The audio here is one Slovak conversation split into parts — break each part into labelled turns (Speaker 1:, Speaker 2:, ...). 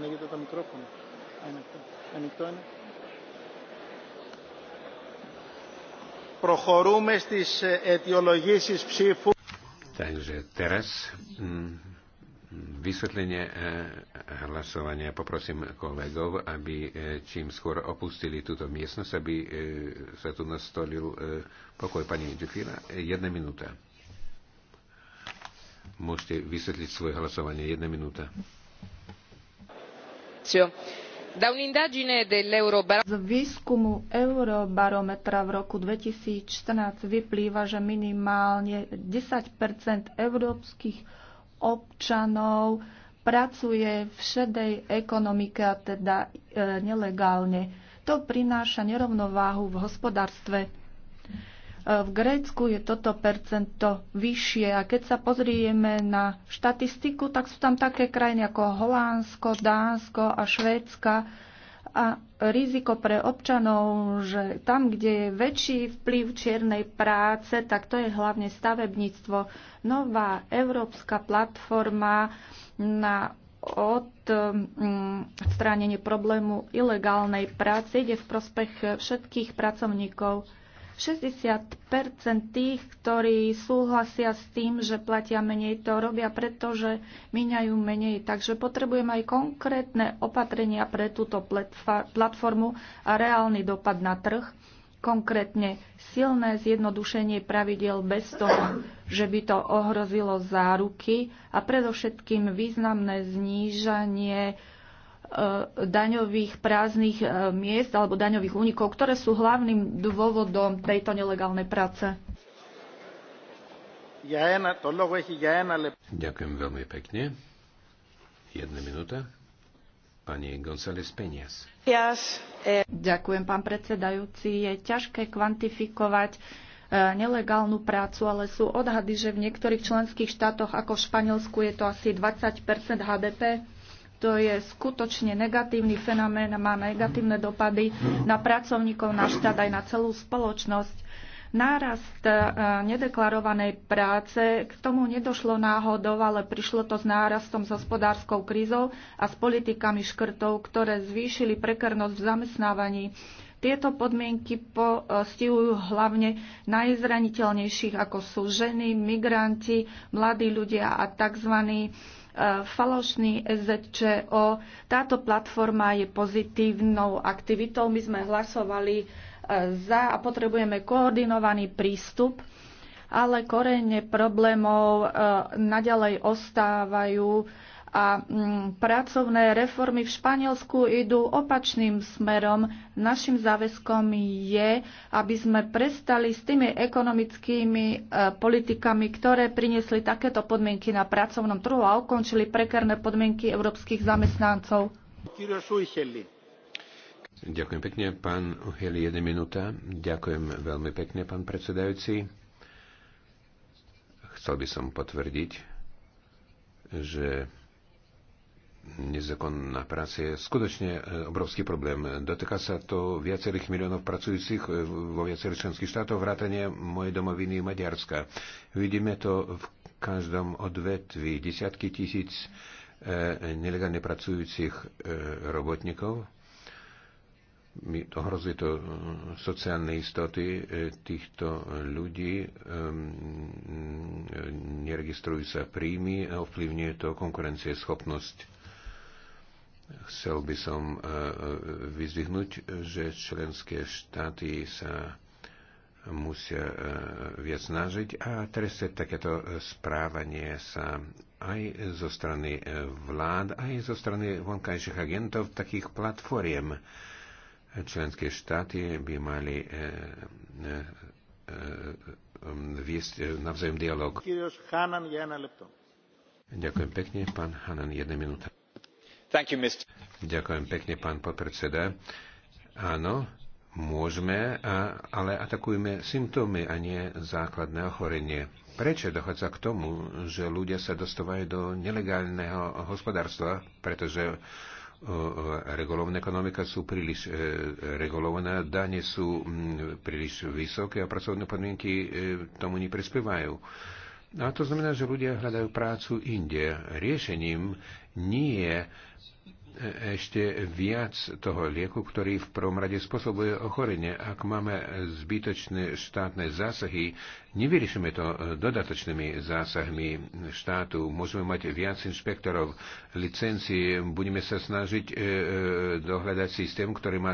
Speaker 1: ανοίγετε το μικρόφωνο. Ανοιχτό. Ανοιχτό είναι.
Speaker 2: Προχωρούμε στις αιτιολογήσεις
Speaker 3: ψήφου. Takže teraz hm, vysvetlenie hlasovania poprosím kolegov, aby e, čím skôr opustili túto miestnosť, aby e, sa tu nastolil e, pokoj pani Džufina. Jedna minúta. Môžete vysvetliť svoje hlasovanie. Jedna minúta.
Speaker 1: Z
Speaker 2: výskumu Eurobarometra v roku 2014 vyplýva, že minimálne 10 európskych občanov pracuje v šedej ekonomike, a teda e, nelegálne. To prináša nerovnováhu v hospodárstve. V Grécku je toto percento vyššie a keď sa pozrieme na štatistiku, tak sú tam také krajiny ako Holandsko, Dánsko a Švédska a riziko pre občanov, že tam, kde je väčší vplyv čiernej práce, tak to je hlavne stavebníctvo. Nová európska platforma na odstránenie problému ilegálnej práce ide v prospech všetkých pracovníkov 60 tých, ktorí súhlasia s tým, že platia menej, to robia preto, že míňajú menej. Takže potrebujem aj konkrétne opatrenia pre túto platformu a reálny dopad na trh. Konkrétne silné zjednodušenie pravidel bez toho, že by to ohrozilo záruky a predovšetkým významné znížanie E, daňových prázdnych e, miest alebo daňových únikov, ktoré sú hlavným dôvodom tejto nelegálnej práce.
Speaker 3: Ďakujem veľmi pekne. Jedna minúta. Pani González Penias.
Speaker 2: Eh. Ďakujem, pán predsedajúci. Je ťažké kvantifikovať eh, nelegálnu prácu, ale sú odhady, že v niektorých členských štátoch ako v Španielsku je to asi 20 HDP to je skutočne negatívny fenomén a má negatívne dopady na pracovníkov, na štát aj na celú spoločnosť. Nárast e, nedeklarovanej práce k tomu nedošlo náhodou, ale prišlo to s nárastom s hospodárskou krízou a s politikami škrtov, ktoré zvýšili prekernosť v zamestnávaní. Tieto podmienky postihujú hlavne najzraniteľnejších, ako sú ženy, migranti, mladí ľudia a tzv falošný SZČO. Táto platforma je pozitívnou aktivitou. My sme hlasovali e, za a potrebujeme koordinovaný prístup, ale korene problémov e, naďalej ostávajú a mm, pracovné reformy v Španielsku idú opačným smerom. Našim záväzkom je, aby sme prestali s tými ekonomickými e, politikami, ktoré priniesli takéto podmienky na pracovnom trhu a ukončili prekerné podmienky európskych zamestnancov.
Speaker 3: Ďakujem pekne, pán Uheli, jedna minúta. Ďakujem veľmi pekne, pán predsedajúci. Chcel by som potvrdiť, že nezákonná práca je skutočne e, obrovský problém. Dotýka sa to viacerých miliónov pracujúcich e, vo viacerých členských štátoch, vrátane mojej domoviny Maďarska. Vidíme to v každom odvetvi. Desiatky tisíc e, nelegálne pracujúcich e, robotníkov. Ohrozuje to e, sociálne istoty týchto ľudí, neregistrujú sa príjmy a ovplyvňuje to konkurencie schopnosť Chcel by som e, e, vyzvihnúť, že členské štáty sa musia e, viac snažiť a trestať takéto správanie sa aj zo strany vlád, aj zo strany vonkajších agentov takých platformiem. Členské štáty by mali viesť navzájom dialog. Ďakujem pekne, pán Hanan, jedna minúta. Ďakujem pekne, pán podpredseda. Áno, môžeme, ale atakujeme symptómy a nie základné ochorenie. Prečo dochádza k tomu, že ľudia sa dostávajú do nelegálneho hospodárstva? Pretože regulovaná ekonomika sú príliš e, regulované, dane sú príliš vysoké a pracovné podmienky e, tomu neprispievajú. A to znamená, že ľudia hľadajú prácu inde. Riešením nie je ešte viac toho lieku, ktorý v prvom rade spôsobuje ochorenie. Ak máme zbytočné štátne zásahy, nevyriešime to dodatočnými zásahmi štátu. Môžeme mať viac inšpektorov, licencie, budeme sa snažiť e, e, dohľadať systém, ktorý má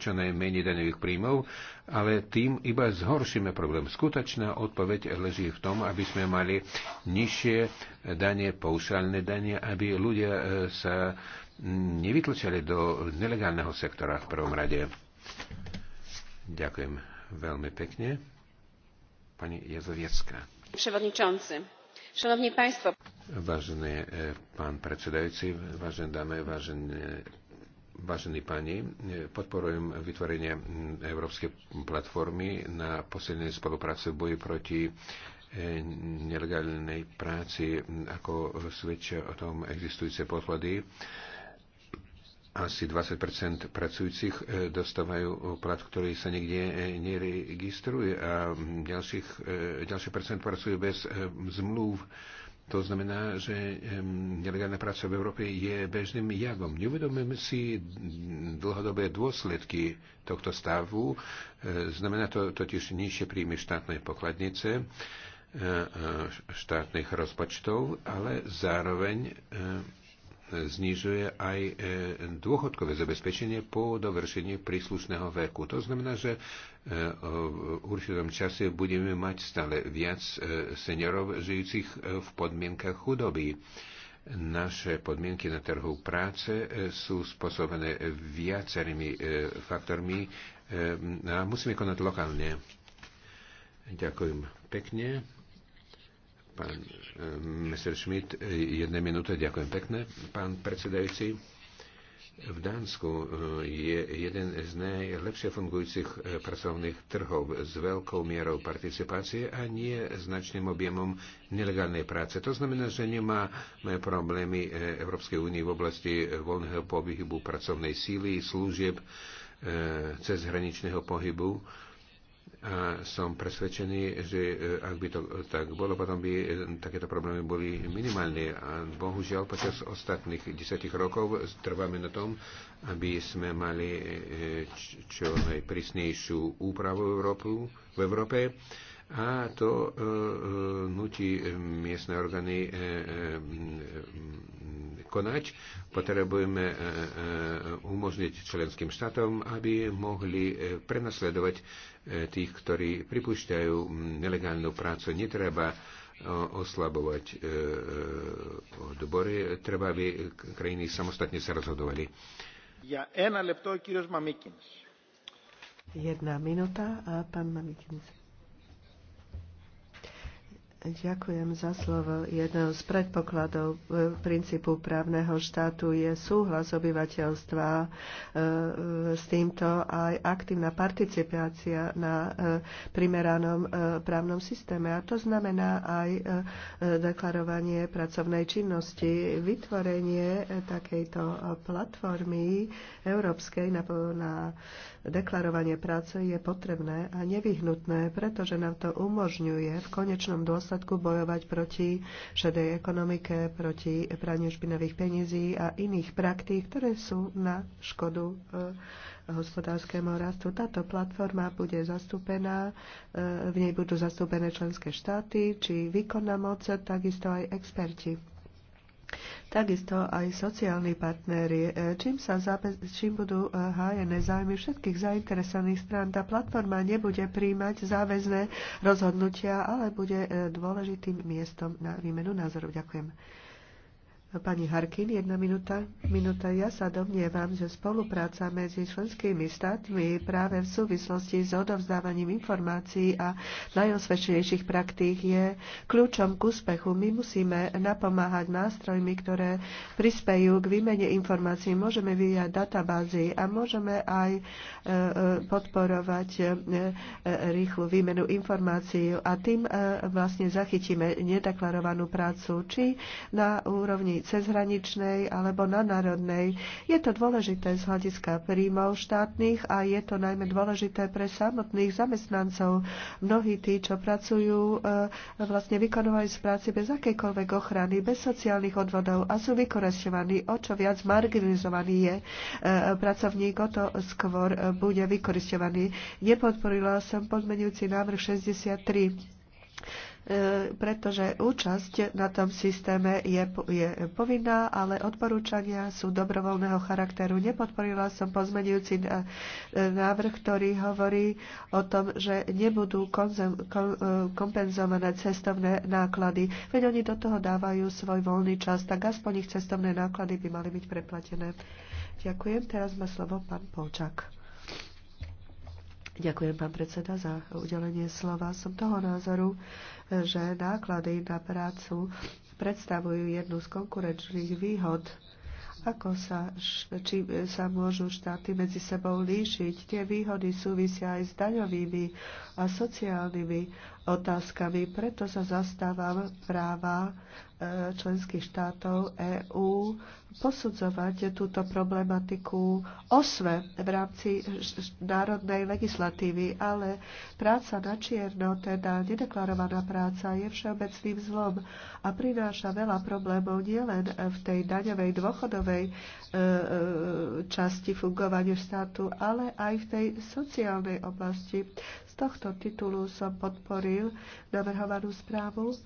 Speaker 3: čo najmenej daňových príjmov, ale tým iba zhoršíme problém. Skutočná odpoveď leží v tom, aby sme mali nižšie dane, paušálne dane, aby ľudia e, sa nevytlčali do nelegálneho sektora v prvom rade. Ďakujem veľmi pekne. Pani Jazoviecka.
Speaker 2: Przewodniczący, Szanowni Państwo.
Speaker 3: Vážený e, pán predsedajúci, vážené dámy, vážené Vážení páni, e, podporujem vytvorenie Európskej platformy na posilnenie spolupráce v boji proti e, nelegálnej práci, ako svedčia o tom existujúce podklady asi 20 pracujúcich e, dostávajú plat, ktorý sa nikde e, neregistruje a ďalších, e, ďalší percent pracujú bez zmluv. To znamená, že nelegálna práca v Európe je bežným javom. Neuvedomujeme si dlhodobé dôsledky tohto stavu. Znamená to totiž nižšie príjmy štátnej pokladnice, štátnych rozpočtov, ale zároveň znižuje aj e, dôchodkové zabezpečenie po dovršení príslušného veku. To znamená, že e, v určitom čase budeme mať stále viac e, seniorov žijúcich v podmienkach chudoby. Naše podmienky na trhu práce sú spôsobené viacerými faktormi a musíme konať lokálne. Ďakujem pekne. Pán eh, Mr. Schmidt, jedna minúte, ďakujem pekne. Pán predsedajúci, v Dánsku eh, je jeden z najlepšie fungujúcich eh, pracovných trhov s veľkou mierou participácie a nie značným objemom nelegálnej práce. To znamená, že nemá problémy Európskej únie v oblasti voľného pohybu pracovnej síly, služieb, cezhraničného pohybu a som presvedčený, že e, ak by to e, tak bolo, potom by e, takéto problémy boli minimálne. A bohužiaľ počas ostatných desiatich rokov trváme na tom, aby sme mali čo najprísnejšiu úpravu v Európe a to e, e, nutí miestne orgány e, e, konať. Potrebujeme e, e, umožniť členským štátom, aby mohli e, prenasledovať e, tých, ktorí pripúšťajú nelegálnu prácu. Netreba e, oslabovať e, e odbory, treba, aby krajiny samostatne sa rozhodovali. Ja, ena lepto,
Speaker 1: Jedna minúta a pán Mamikins. Ďakujem za slovo. Jednou z predpokladov e, princípu právneho štátu je súhlas obyvateľstva e, e, s týmto aj aktívna participácia na primeranom právnom systéme. A to znamená aj deklarovanie pracovnej činnosti, vytvorenie takejto platformy európskej na, na deklarovanie práce je potrebné a nevyhnutné, pretože nám to umožňuje v konečnom dôsledku dôsledku bojovať proti šedej ekonomike, proti praniu špinavých peniazí a iných praktík, ktoré sú na škodu eh, hospodárskému rastu. Táto platforma bude zastúpená, eh, v nej budú zastúpené členské štáty, či výkonná moc, takisto aj experti takisto aj sociálni partnery, e, čím, sa zabe- čím budú e, hájené zájmy všetkých zainteresovaných strán. Tá platforma nebude príjmať záväzné rozhodnutia, ale bude e, dôležitým miestom na výmenu názorov. Ďakujem. Pani Harkin, jedna minúta. Minúta. Ja sa domnievam, že spolupráca medzi členskými štátmi práve v súvislosti s odovzdávaním informácií a najosvedčenejších praktík je kľúčom k úspechu. My musíme napomáhať nástrojmi, ktoré prispejú k výmene informácií. Môžeme vyvíjať databázy a môžeme aj e, e, podporovať e, rýchlu výmenu informácií a tým vlastne zachytíme nedeklarovanú prácu či na úrovni cezhraničnej alebo na národnej. Je to dôležité z hľadiska príjmov štátnych a je to najmä dôležité pre samotných zamestnancov. Mnohí tí, čo pracujú, e, vlastne vykonávajú z práci bez akejkoľvek ochrany, bez sociálnych odvodov a sú vykoresťovaní. O čo viac marginalizovaný je e, pracovník, o to skôr e, bude vykoresťovaný. Nepodporila som podmenujúci návrh 63 E, pretože účasť na tom systéme je, je povinná, ale odporúčania sú dobrovoľného charakteru. Nepodporila som pozmenujúci e, návrh, ktorý hovorí o tom, že nebudú konzum, kon, e, kompenzované cestovné náklady. Veď oni do toho dávajú svoj voľný čas, tak aspoň ich cestovné náklady by mali byť preplatené. Ďakujem. Teraz má slovo pán Polčák. Ďakujem, pán predseda, za udelenie slova. Som toho názoru, že náklady na prácu predstavujú jednu z konkurenčných výhod ako sa, či sa môžu štáty medzi sebou líšiť. Tie výhody súvisia aj s daňovými a sociálnymi otázkami. Preto sa zastávam práva členských štátov EÚ posudzovať túto problematiku osve v rámci národnej legislatívy, ale práca na čierno, teda nedeklarovaná práca, je všeobecným zlom a prináša veľa problémov nielen v tej daňovej dôchodovej e, e, časti fungovania štátu, ale aj v tej sociálnej oblasti. Z tohto titulu som podporil navrhovanú správu.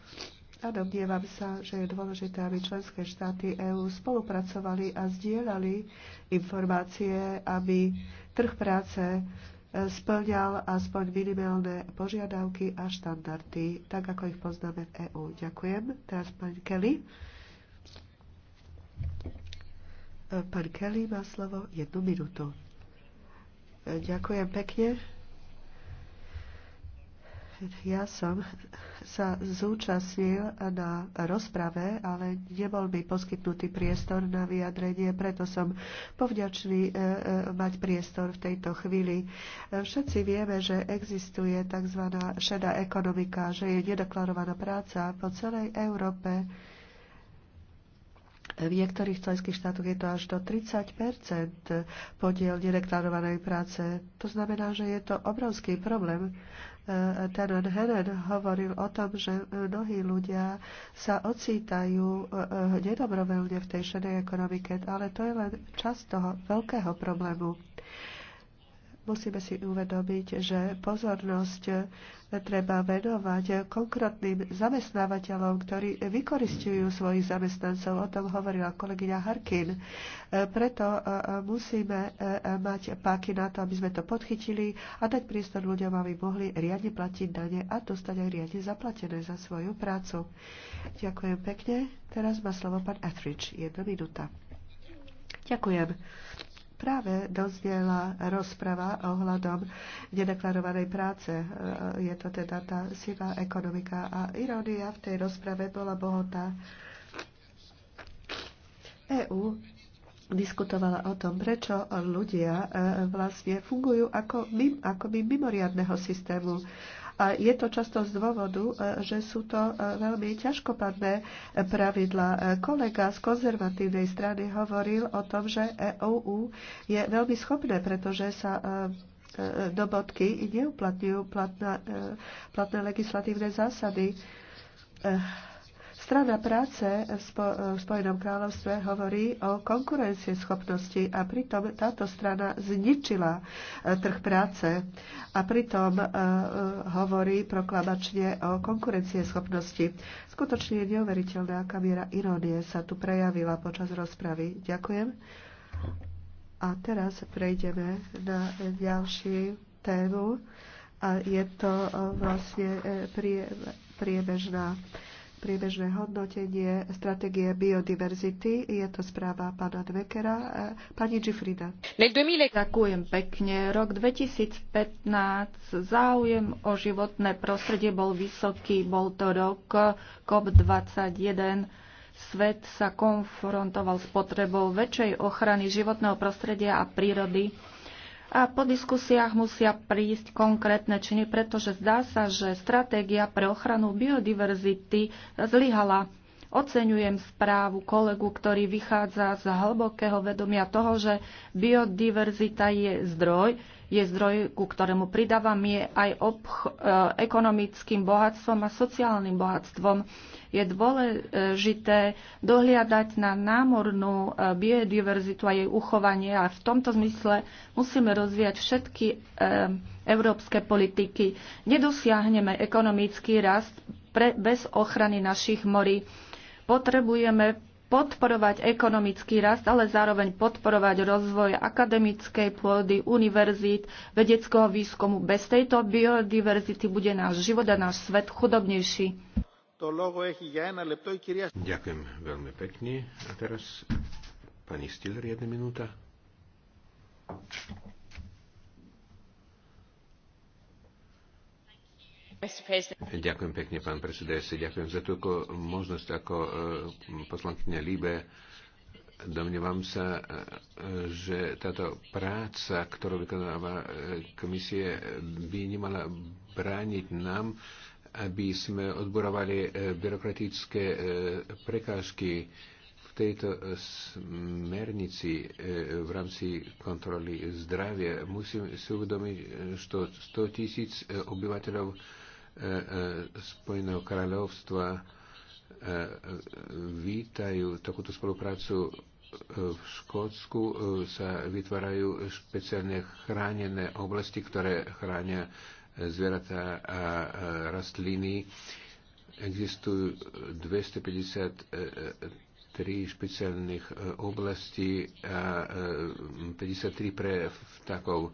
Speaker 1: A domnievam sa, že je dôležité, aby členské štáty EÚ spolupracovali a zdieľali informácie, aby trh práce e, splňal aspoň minimálne požiadavky a štandardy, tak ako ich poznáme v EÚ. Ďakujem. Teraz pán Kelly. E, pán Kelly má slovo jednu minútu. E, ďakujem pekne. Ja som sa zúčastnil na rozprave, ale nebol mi poskytnutý priestor na vyjadrenie, preto som povďačný e, e, mať priestor v tejto chvíli. E, všetci vieme, že existuje tzv. šedá ekonomika, že je nedeklarovaná práca po celej Európe. V niektorých členských štátoch je to až do 30 podiel nedeklarovanej práce. To znamená, že je to obrovský problém. Eh, Ten Heren hovoril o tom, že eh, mnohí ľudia sa ocítajú eh, nedobrovoľne v tej šedej ekonomike, ale to je len časť toho veľkého problému musíme si uvedomiť, že pozornosť treba venovať konkrétnym zamestnávateľom, ktorí vykoristujú svojich zamestnancov. O tom hovorila kolegyňa Harkin. Preto e, e, musíme e, mať páky na to, aby sme to podchytili a dať priestor ľuďom, aby mohli riadne platiť dane a dostať aj riadne zaplatené za svoju prácu. Ďakujem pekne. Teraz má slovo pán Etheridge. Jedna minúta. Ďakujem práve dozviela rozprava ohľadom nedeklarovanej práce. Je to teda tá sivá ekonomika. A irónia v tej rozprave bola bohotá. EU diskutovala o tom, prečo ľudia e, vlastne fungujú ako, mim, ako by mimoriadného systému a je to často z dôvodu, e, že sú to e, veľmi ťažkopadné e, pravidla. Kolega z konzervatívnej strany hovoril o tom, že EOU je veľmi schopné, pretože sa do bodky neuplatňujú platné legislatívne zásady Strana práce v Spojenom kráľovstve hovorí o schopnosti a pritom táto strana zničila e, trh práce a pritom e, e, hovorí proklamačne o schopnosti. Skutočne je neuveriteľná, aká miera irónie sa tu prejavila počas rozpravy. Ďakujem. A teraz prejdeme na ďalšiu tému. A je to vlastne priebežná priebežné hodnotenie stratégie biodiverzity. Je to správa pána Dvekera. Pani Gifrida.
Speaker 2: Ďakujem pekne. Rok 2015 záujem o životné prostredie bol vysoký. Bol to rok COP21 svet sa konfrontoval s potrebou väčšej ochrany životného prostredia a prírody a po diskusiách musia prísť konkrétne činy, pretože zdá sa, že stratégia pre ochranu biodiverzity zlyhala. Oceňujem správu kolegu, ktorý vychádza z hlbokého vedomia toho, že biodiverzita je zdroj, je zdroj, ku ktorému pridávam, je aj obch- e, ekonomickým bohatstvom a sociálnym bohatstvom. Je dôležité dohliadať na námornú e, biodiverzitu a jej uchovanie a v tomto zmysle musíme rozvíjať všetky e, európske politiky. Nedosiahneme ekonomický rast pre, bez ochrany našich morí. Potrebujeme podporovať ekonomický rast, ale zároveň podporovať rozvoj akademickej pôdy, univerzít, vedeckého výskumu. Bez tejto biodiverzity bude náš život a náš svet chudobnejší.
Speaker 3: Ďakujem veľmi pekne. A teraz pani Stiller, jedna minúta. Ďakujem pekne, pán predsedajúci. Ďakujem za túto možnosť ako e, poslankyňa Líbe. Domnievam sa, e, že táto práca, ktorú vykonáva e, komisie, by nemala brániť nám, aby sme odborovali byrokratické prekážky v tejto smernici v rámci kontroly zdravia. Musím si uvedomiť, že 100 tisíc obyvateľov E, e, Spojeného kráľovstva e, vítajú takúto spoluprácu v Škótsku sa vytvárajú špeciálne chránené oblasti, ktoré chránia zvieratá a rastliny. Existujú 253 špeciálnych oblastí a 53 pre vtákov.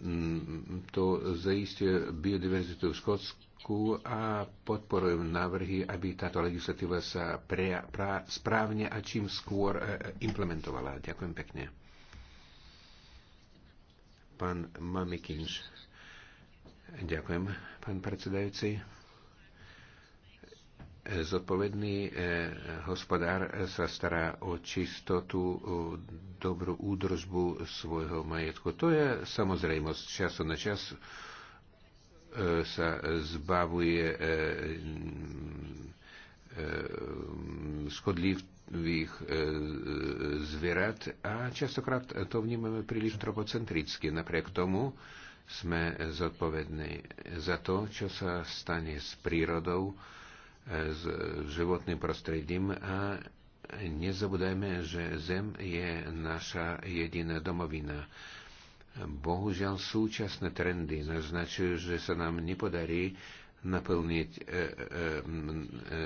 Speaker 3: Mm, to zaistuje biodiverzitu v Škótsku a podporujem návrhy, aby táto legislatíva sa pre, pra, správne a čím skôr e, e, implementovala. Ďakujem pekne. Pán Mamikinš. Ďakujem, pán predsedajúci. Zodpovedný e, hospodár sa stará o čistotu, o dobrú údržbu svojho majetku. To je samozrejmosť. Čas na čas e, sa zbavuje e, škodlivých zvierat a častokrát to vnímame príliš tropocentricky. Napriek tomu sme zodpovední za to, čo sa stane s prírodou, s životným prostredím a nezabudajme, že Zem je naša jediná domovina. Bohužiaľ súčasné trendy naznačujú, že sa nám nepodarí naplniť e, e, e, e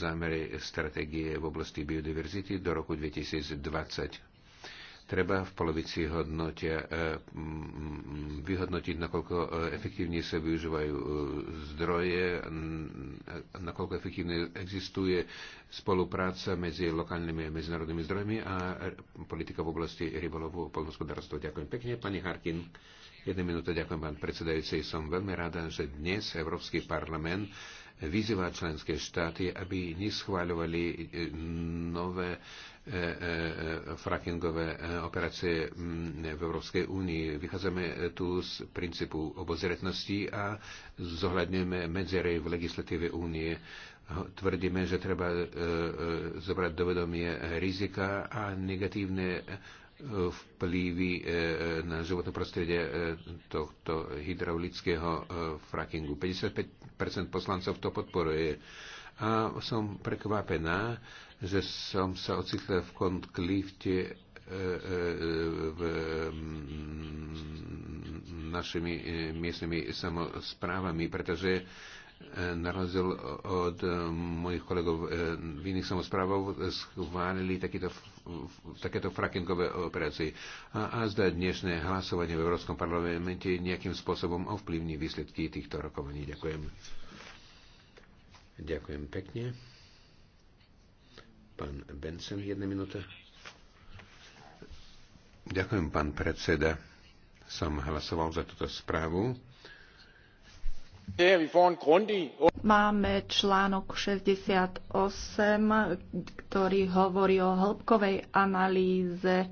Speaker 3: zámery stratégie v oblasti biodiverzity do roku 2020 treba v polovici hodnotia e, vyhodnotiť, nakoľko e, efektívne sa využívajú e, zdroje, nakoľko efektívne existuje spolupráca medzi lokálnymi a medzinárodnými zdrojmi a politika v oblasti rybolovu a polnospodárstva. Ďakujem pekne, pani Harkin. Jedna minúta, ďakujem, pán predsedajúci. Som veľmi rada, že dnes Európsky parlament vyzýva členské štáty, aby neschváľovali e, nové e, e, frackingové operácie mm, v Európskej únii. Vychádzame tu z princípu obozretnosti a zohľadňujeme medzery v legislatíve únie. Tvrdíme, že treba zobrať do vedomie rizika a negatívne vplyvy e, e, na životné prostredie e, tohto hydraulického frackingu. 55% poslancov to podporuje. A som prekvapená, že som sa ocitla v konklifte v našimi miestnymi samozprávami, pretože na rozdiel od eh, mojich kolegov eh, v iných samozprávov, schválili takéto, takéto frackingové operácie. A, a zda dnešné hlasovanie v Európskom parlamente nejakým spôsobom ovplyvní výsledky týchto rokovaní. Ďakujem. Ďakujem pekne. Pán Benson, jedna minúta. Ďakujem, pán predseda. Som hlasoval za túto správu
Speaker 2: Máme článok 68, ktorý hovorí o hĺbkovej analýze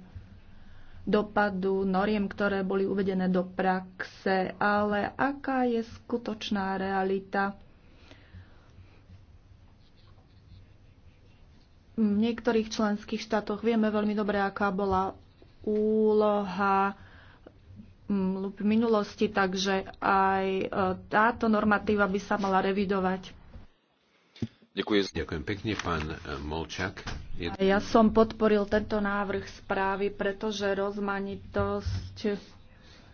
Speaker 2: dopadu noriem, ktoré boli uvedené do praxe, ale aká je skutočná realita? V niektorých členských štátoch vieme veľmi dobre, aká bola úloha v minulosti, takže aj e, táto normatíva by sa mala revidovať.
Speaker 3: Ďakujem. Ďakujem pekne, pán e, Molčak. Je... Ja
Speaker 2: som podporil tento návrh správy, pretože rozmanitosť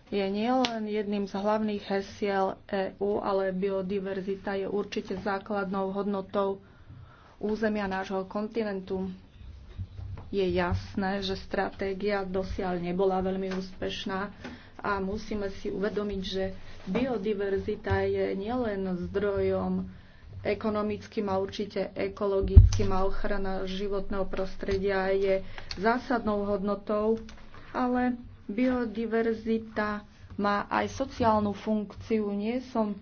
Speaker 2: je nielen jedným z hlavných hesiel EÚ, ale biodiverzita je určite základnou hodnotou územia nášho kontinentu. Je jasné, že stratégia dosiaľ nebola veľmi úspešná a musíme si uvedomiť, že biodiverzita je nielen zdrojom ekonomickým a určite ekologickým a ochrana životného prostredia je zásadnou hodnotou, ale biodiverzita má aj sociálnu funkciu. Nie som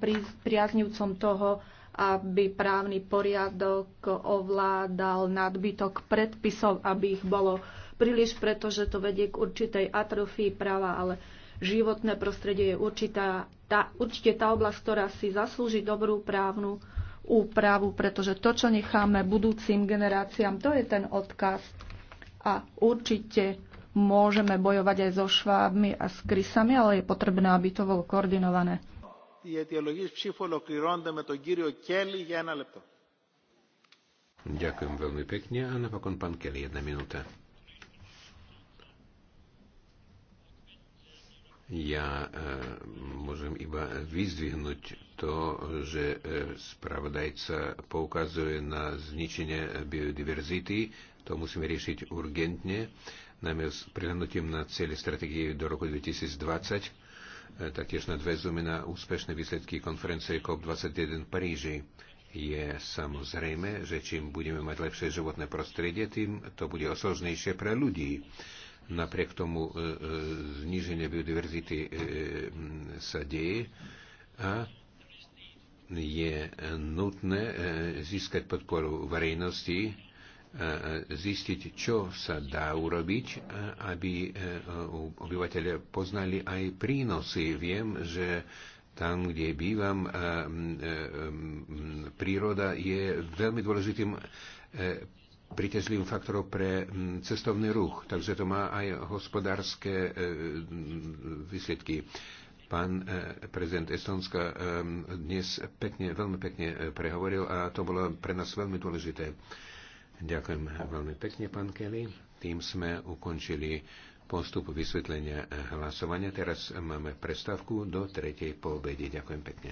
Speaker 2: priaznivcom toho, aby právny poriadok ovládal nadbytok predpisov, aby ich bolo príliš, pretože to vedie k určitej atrofii práva, ale životné prostredie je určitá, tá, určite tá oblasť, ktorá si zaslúži dobrú právnu úpravu, pretože to, čo necháme budúcim generáciám, to je ten odkaz. A určite môžeme bojovať aj so švábmi a s krysami, ale je potrebné, aby to bolo koordinované.
Speaker 3: Ďakujem veľmi pekne a napokon pán Kelly, jedna minúta. Ja e, môžem iba vyzdvihnúť to, že e, spravodajca poukazuje na zničenie biodiverzity. To musíme riešiť urgentne, najmä s prihľadnutím na cieľe stratégie do roku 2020. E, Taktiež nadväzujeme na úspešné výsledky konferencie COP21 v Paríži. Je samozrejme, že čím budeme mať lepšie životné prostredie, tým to bude osožnejšie pre ľudí Napriek tomu e, e, zníženie biodiverzity e, sa deje a je nutné získať podporu verejnosti, zistiť, čo sa dá urobiť, aby obyvateľe poznali aj prínosy. Viem, že tam, kde bývam, príroda je veľmi dôležitým pritežlivým faktorom pre mm, cestovný ruch, takže to má aj hospodárske e, mm, výsledky. Pán e, prezident Estonska e, dnes pekne, veľmi pekne prehovoril a to bolo pre nás veľmi dôležité. Ďakujem veľmi pekne, pán Kelly. Tým sme ukončili postup vysvetlenia hlasovania. Teraz máme prestávku do tretej po obede. Ďakujem pekne.